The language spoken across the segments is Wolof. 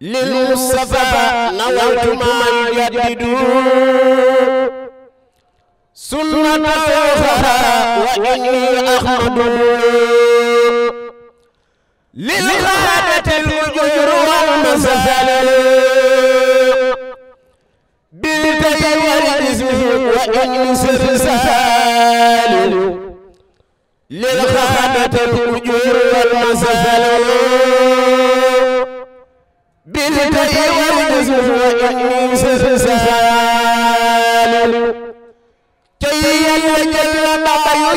للمصطفى نويت ما يجدد سنة أخرى وإني أحمد للغادة الأجر والمسال بالتي والاسم وإنس الرسال للغادة الأجر والمسال بالتي والاسم وإنس الرسال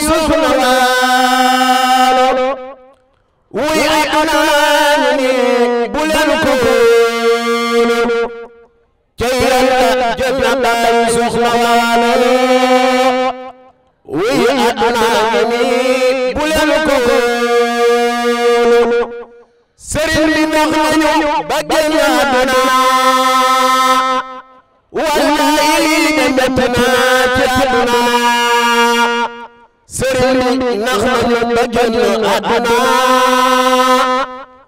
soxna waalo wuy ak naan ni bu leen ko góolu ca yàlla jëf na baay soxna waalo wuy ak naan ni bu leen ko góolu sëriñ bi nax nañu ba génn àdduna walla yi ñu bett naa ci àdduna sëriñ bi nax nañu ba jot ñu àdduna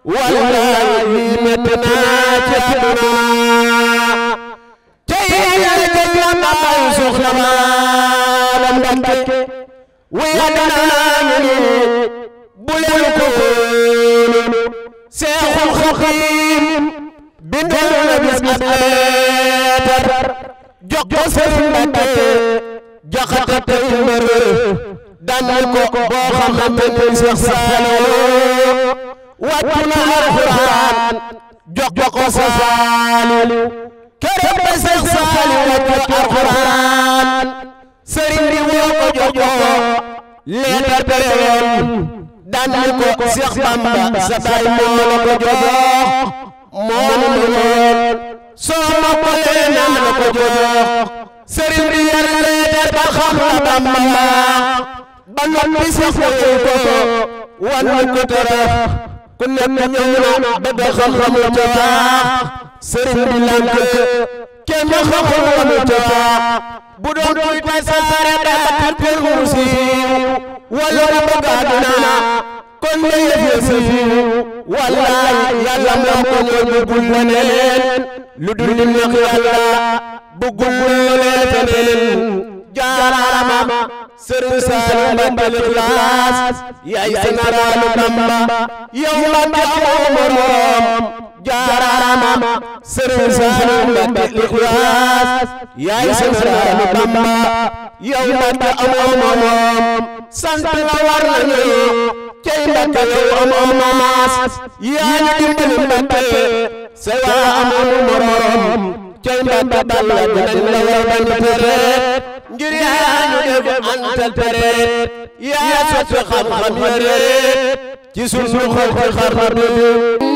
wallaahi lii métti naa ci àdduna tey yàlla jël na ma bay soxna Maram Mbacké wéyal naa ñu ni bu leen ko wóolu Seexul Xadim bindal na bis ab leetar jox ko sëriñ Mbacké jaxate tey mbër daan ko boo xamante ni Cheikh Saliou wàcc na alxuraan jox ko Saliou keroog ba Cheikh Saliou wàcc alxuraan sëriñ bi woo ko jox ko leetar tere woon daan ko Cheikh Bamba sa baay moom la ko jox moom la ko jox soo ma ko lee naa la ko jox sëriñ bi yar ba xam na Bamba ba noppi sax wuyu ko wan ko ba dox xam mu baax sëriñ bi lànk kenn xamul la mu baax bu doon kuy tasaare daata kër muusi wala la bëgg àdduna kon ne yëf ya sa fiw wallaay yàlla moo ko ñëw bëggul leneen lu dul neex yàlla jaaraama sëriñ Saliou Mbacké Xilaas yaay généralu Bamba yow Mbacké amoo moroom jaaraama sëriñ Saliou Mbacké Xilaas yaay généralu Bamba yow Mbacké amoo moroom sant la war nañu cey Mbacké yow amoo maas yaa ñu dimbali Mbacké sa waa amoo moroom cey Mbacké dal la dinañ la war bañ tere ngir yaa ñu def antal tereet yaa sotti xam-xam yore ci sunu xol ci xar-xar